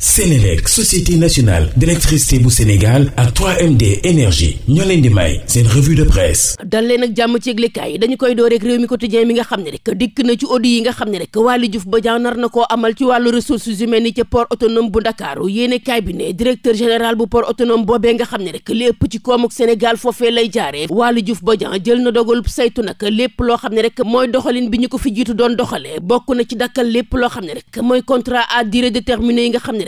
Sénélec société nationale d'électricité bu Sénégal ak 3MD énergie ñoo leen di may seen revue de presse dal ak jàmm ci yëglekaay yi dañu koy door rek réew mi quotidien mi nga xam ne rek dikk na ci audit yi nga xam ne rek Waly Diouf Bodiang nar na koo amal ci wàllu ressources humaines yi ca port autonome bu Ndakaaru yéene kaay bi ne directeur général bu port autonome boobee nga xam ne rek lépp ci koomuk Sénégal foofee lay jaaree Waly Diouf Bodiang jël na dogalub saytu nag lépp loo xam ne rek mooy doxalin bi ñu ko fi jiitu doon doxalee bokk na ci dakkal lépp loo xam ne rek mooy contrat à yi nga xam ne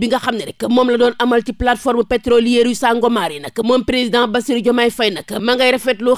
bi nga xam ne rek moom la doon amal ci plateforme pétrolière yu Sangomar yi nag moom président Bassirou Diomaye fay nag ma ngay rafetlu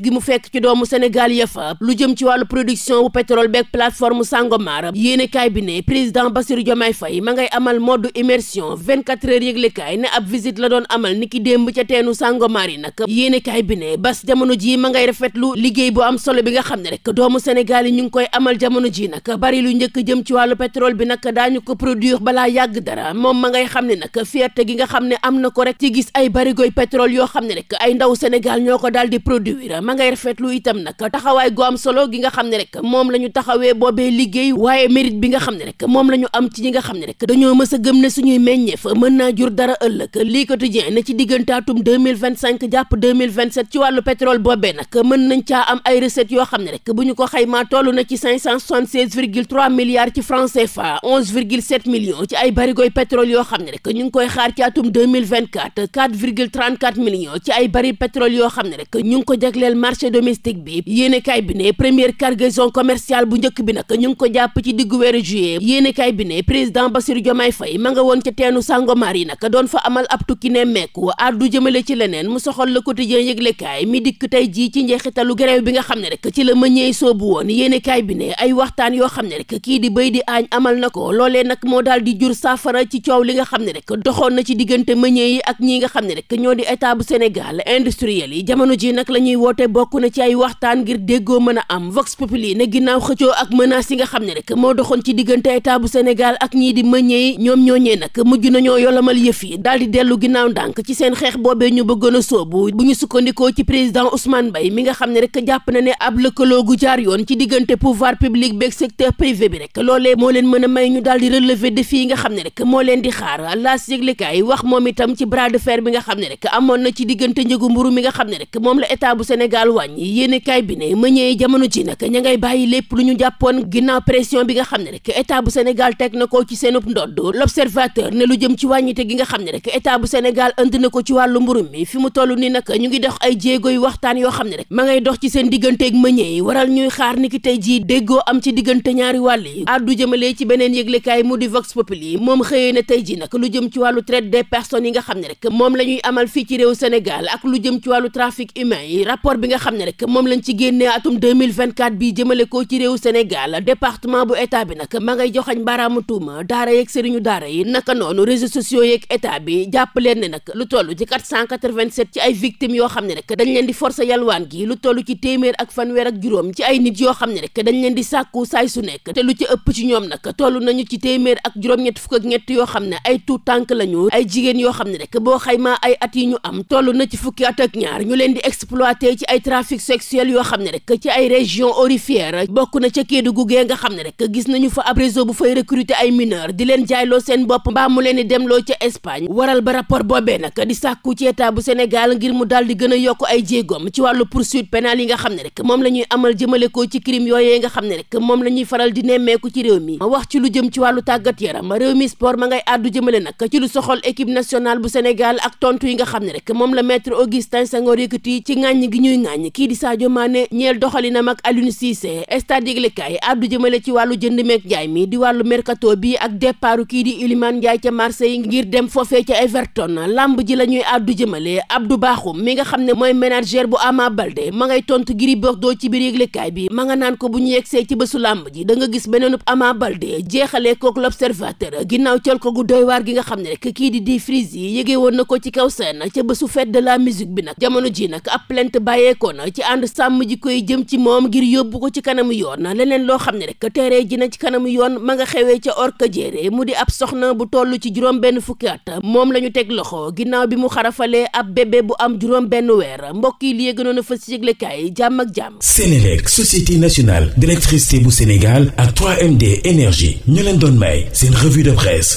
gi mu fekk ci doomu Sénégal ya lu jëm ci wàllu production bu pétrole beeg plateforme Sangomar yéenekaay bi ne président Bassirou Diomaye Faye ma ngay amal mode immersion 24 heures yëglekaay ne ab visite la doon amal ni ki démb ca teenu Sangomar yi nag yéenekaay bi ne bas jamono ji ma ngay rafetlu liggéey bu am solo bi nga xam ne rek doomu Sénégal yi ñu ngi koy amal jamono ji nag bari lu njëkk jëm ci wàllu pétrole bi nag daañu ko produire balaa yàgg dara moom ma ngay xam ne nag fierté gi nga xam ne am na ko rek ci gis ay barigoy pétrole yoo xam ne rek ay ndaw Sénégal ñoo ko daal di produire ma ngay rafetlu itam nag taxawaay gu am solo gi nga xam ne rek moom la ñu taxawee boobee liggéey waaye mérite bi nga xam ne rek moom la ñu am ci ñi nga xam ne rek dañoo mës a gëm ne suñuy meññeef mën naa jur dara ëllëg lii quotidien ne ci diggantaatum 2025 jàpp 2027 ci wàllu pétrole boobee nag mën nañ caa am ay recettes yoo xam ne rek bu ñu ko xaymaa toll na ci 576 virgule 3 milliards ci francs CFA 11 virgule 7 millions ci ay barigoy pétrole yoo xam ne rek ñu ngi koy xaar ci atum yoo xam ne rek ñu ngi ko jagleel marché domestique ma nga woon ca teenu Sangomar yi nag doon fa amal ab tukki ne meeku addu jëmale ci leneen mu soxal Le Quotidien yëglekaay mi dikk tey jii ci njeexitalu grève bi nga xam ne rek ci la mëñee soobu woon yéenekaay bi ne ay waxtaan yoo xam ne rek kii di béy di aañ amal na ko loolee nag moo daal jur saafara ci ci coow li nga xam ne rek doxoon na ci diggante meññee ak ñi nga xam ne rek ñoo di état bu Sénégal industriel yi jamono ji nag la ñuy woote bokk na ci ay waxtaan ngir déggoo mën a am vox populi ne ginnaaw xëccoo ak menaces yi nga xam ne rek moo doxoon ci diggante état bu Sénégal ak ñii di meññee ñoom ñooñee nag mujj nañoo yolamal yëf yi daal dellu ginnaaw ndànk ci seen xeex boobee ñu bëggoon a soobu bu ñu sukkandikoo ci président Ousmane Mbaye na ne ab lëkkaloo gu jaar yoon ci diggante pouvoir public beeg secteur privé bi rek loolee moo leen a may ñu daal di relever défi yi nga xam leen di xaar laas yëglekaay wax moom itam ci bras de fer bi nga xam ne rek amoon na ci diggante njëgu mburu mi nga xam ne rek moom la état bu Sénégal wàññi yéenekaay bi ne ma ñëwee jamono ji nag ña ngay bàyyi lépp lu ñu jàppoon ginnaaw pression bi nga xam ne rek état bu Sénégal teg na ko ci seenub ndodd l'observateur ne lu jëm ci wàññite gi nga xam ne rek état bu Sénégal indi na ko ci wàllu mburu mi fi mu toll ni nag ñu ngi dox ay jéego yu waxtaan yoo xam ne rek ma ngay dox ci seen digganteeg mëñee yi waral ñuy xaar ni ki tey jii déggoo am ci diggante ñaari wàll yi addu jëmale ci beneen yëglekaay mu di vox populi ne tey ji nag lu jëm ci wàllu traite des personnes yi nga xam ne rek moom la ñuy amal fii ci réew Sénégal ak lu jëm ci wàllu trafic humain yi rapport bi nga xam ne rek moom lañ ci génne atum 2024 bii jëmale ko ci réew Sénégal département bu état bi nag ma ngay joxañ baaraamu tuuma daara yeeg sëriñu daara yi naka noonu réseaux sociaux yeeg état bi jàpp leen ne nag lu toll ci 487 ci ay victimes yoo xam ne rek dañ leen di forcer yalwaan gi lu toll ci téeméer ak fanweer ak juróom ci ay nit yoo xam ne rek dañ leen di sàkku saay su nekk te lu ci ëpp ci ñoom nag toll nañu ci téeméer ak juróom-ñett yoo xam ne ay tout tànk lañu ay jigéen yoo xam ne rek boo xaymaa ay at yi ñu am toll na ci fukki at ak ñaar ñu leen di exploité ci ay trafic sexuel yoo xam ne rek ci ay région aurifères bokk na ca Kédougou gee nga xam ne rek gis nañu fa ab réseau bu fay recruter ay mineurs di leen jaayloo seen bopp mbaa mu leen di demloo ca Espagne waral ba rapport boobee nag di sàkku ci bu Sénégal ngir mu daal di gën a yokk ay jéegoom ci wàllu poursuite pénale yi nga xam ne rek moom la ñuy amal jëmale ko ci crime yooyee nga xam ne rek moom la ñuy faral di nemmeeku ci réew mi wax ci lu jëm ci wàllu tàggat yaram ngay àddu jëmale nag ci lu soxol équipe nationale bu Sénégal ak tontu yi nga xam ne rek moom la maître Augustin Senghor yëkkati ci ŋàññ gi ñuy ŋàññ kii di Sadio Mané ñeel doxalinam ak Aliou Cissé stade yëglekaay àddu jëmale ci wàllu jënd meek jaay mi di wàllu mercato bi ak départu kii di Iliman Ndiaye ca Marseille ngir dem foofee ca Everton lamb ji la ñuy àddu jëmale Abdou Bakhoum mi nga xam ne mooy manager bu Ama Baldé ma ngay tontu Gris i ci bi ma nga naan ko bu ñu yegsee ci bésu lamb ji da nga ko gu doy gi nga xam ne rek kii di di frise yi yëgee woon na ko ci kaw seen ca bésu fête de la musique bi nag jamono ji nag ab plainte bàyyeekoo na ci ànd sàmm ji koy jëm ci moom ngir yóbbu ko ci kanamu yoon leneen loo xam ne rek teree ji na ci kanamu yoon ma nga xewee ca Orkadiéré mu di ab soxna bu toll ci juróom benn fukki at moom la ñu teg loxo ginnaaw bi mu xarafalee ab bébé bu am juróom benn weer mbokk yi li yëgënoon a fa si yëglekaay jàmm ak jàmm Sénélec société nationale d'électricité bu Sénégal ñu leen doon